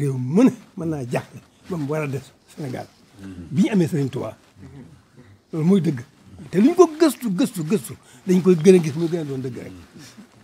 réew mën mën naa jaaxle ba mu war a des Sénégal mhm. bi ñu amee Serigne Touba mooy dëgg te lu ñu ko gëstu gëstu gëstu dañ koy gën a gis muy gën a doon dëgg rek mhm.